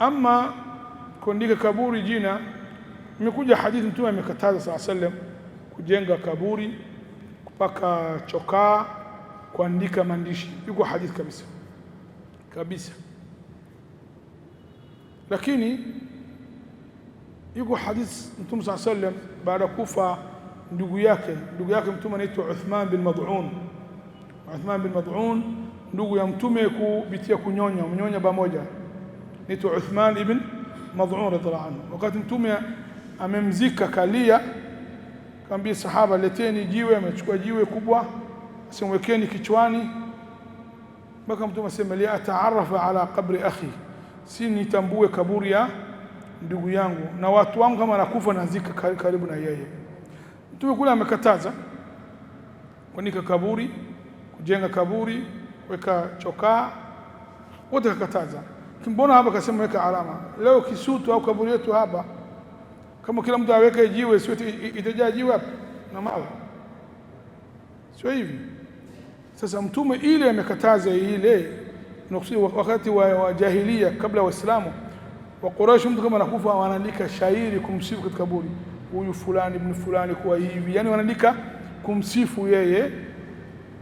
Ama kuandika kaburi jina, imekuja hadithi Mtume amekataza sala sallam kujenga kaburi, kupaka chokaa, kuandika maandishi, yuko hadithi kabisa kabisa, lakini yuko hadithi Mtume saa sallam baada ya kufa ndugu yake ndugu yake Mtume anaitwa Uthman bin Mad'un, Uthman bin Mad'un ndugu ya Mtume kupitia kunyonya mnyonya pamoja naitwa Uthman ibn Mad'un radhiallahu anhu. Wakati mtume amemzika kalia, kaambia sahaba, leteni jiwe. Amechukua jiwe kubwa, asimwekeni kichwani, mpaka mtume asema li ataarafa ala qabri akhi, si nitambue kaburi ya ndugu yangu na watu wangu, kama nakufa nazika karibu na yeye. Mtume kule amekataza kunika kaburi, kujenga kaburi, weka chokaa, wote akakataza. Mbona hapa kasema weka alama? Leo Kisutu au kaburi yetu hapa, kama kila mtu aweke jiwe, sio itajaa jiwe hapa na mawe, sio hivi? Sasa Mtume ile amekataza ile, nakusudia wakati wa, wa jahilia kabla ya Waislamu wa Quraysh, mtu kama anakufa wanaandika shairi kumsifu katika kaburi, huyu fulani ibn fulani kwa hivi, yani wanaandika kumsifu yeye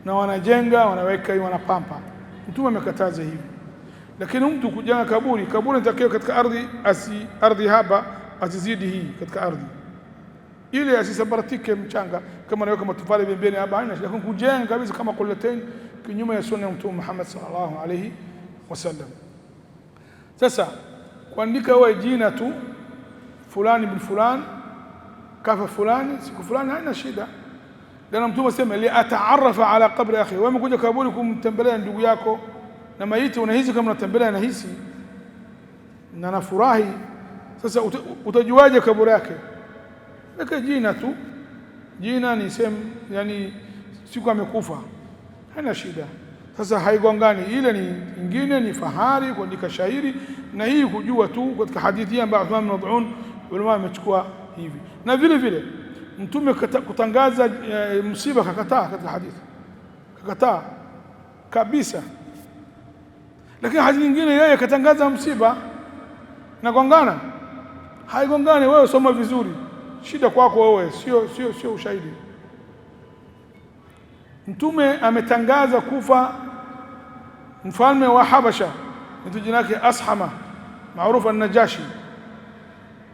na wanajenga wanaweka, wanapampa. Mtume amekataza hivi lakini mtu kujenga kaburi, kaburi natakiwa katika ardhi asi ardhi haba asizidi hii katika ardhi ili asisambaratike mchanga, kama naweka matofali pembeni hapa haina shida, lakini kujenga kabisa kama kuleteni kinyume ya sunna ya Mtume Muhammad sallallahu alaihi wasallam. Sasa kuandika wewe jina tu fulani bin fulani kafa fulani siku fulani haina shida, lana Mtume asema li ataarafa ala qabri akhi, wewe umekuja kaburi kumtembelea ndugu yako na maiti unahisi kama unatembelea, nahisi na nafurahi. Sasa utajuaje kaburi yake? Weka jina tu, jina ni sehemu, yani siku amekufa, haina shida. Sasa haigongani, ile ni ingine ni fahari kuandika shairi na hii kujua tu katika hadithi ambayo Uthman bin Mad'un ulama amechukua hivi, na vile vile Mtume kutangaza e, msiba kakataa katika hadithi, kakataa kabisa. Lakini hadithi nyingine yeye katangaza msiba na gongana, haigongane. Wewe soma vizuri, shida kwako wewe, sio sio sio ushahidi. Mtume ametangaza kufa mfalme wa Habasha, mtu jina yake Ashama maarufu an-Najashi.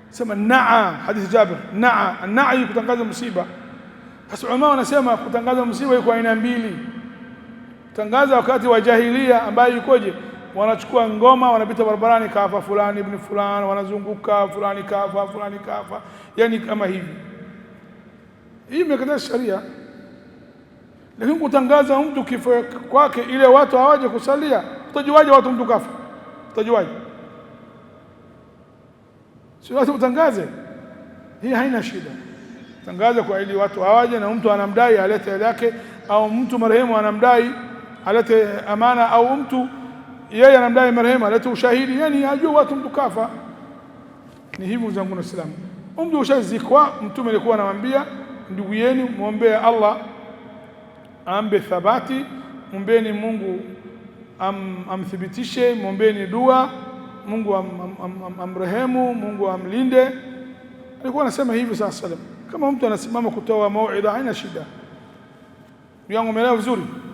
Sema naa, hadithi Jabir, naa naa, kutangaza msiba. Sasa ulama wanasema kutangaza msiba iko aina mbili, kutangaza wakati wa jahilia ambayo ikoje? wanachukua ngoma, wanapita barabarani, kafa fulani ibn fulani, wanazunguka fulani kafa, fulani kafa, yani kama hivi. Hii imekataza sharia, lakini kutangaza mtu kifo kwake ile watu hawaje kusalia, utajuaje watu mtu kafa? Utajuaje? Si watu utangaze. Hii haina shida, tangaza kwa ili watu hawaje, na mtu anamdai alete yake, au mtu marehemu anamdai alete amana, au mtu yeye anamdai marehemu alete ushahidi, yani ajue watu mtukafa. Ni hivyo zangu na salamu, mtu ushazikwa, mtume alikuwa anamwambia ndugu yenu muombe Allah ambe thabati, mwombeni Mungu am, amthibitishe, mwombeni dua Mungu am, am, am, amrehemu, Mungu amlinde. Alikuwa anasema hivyo sa salam. Kama mtu anasimama kutoa mauidha haina shida, yangu umeelewa vizuri.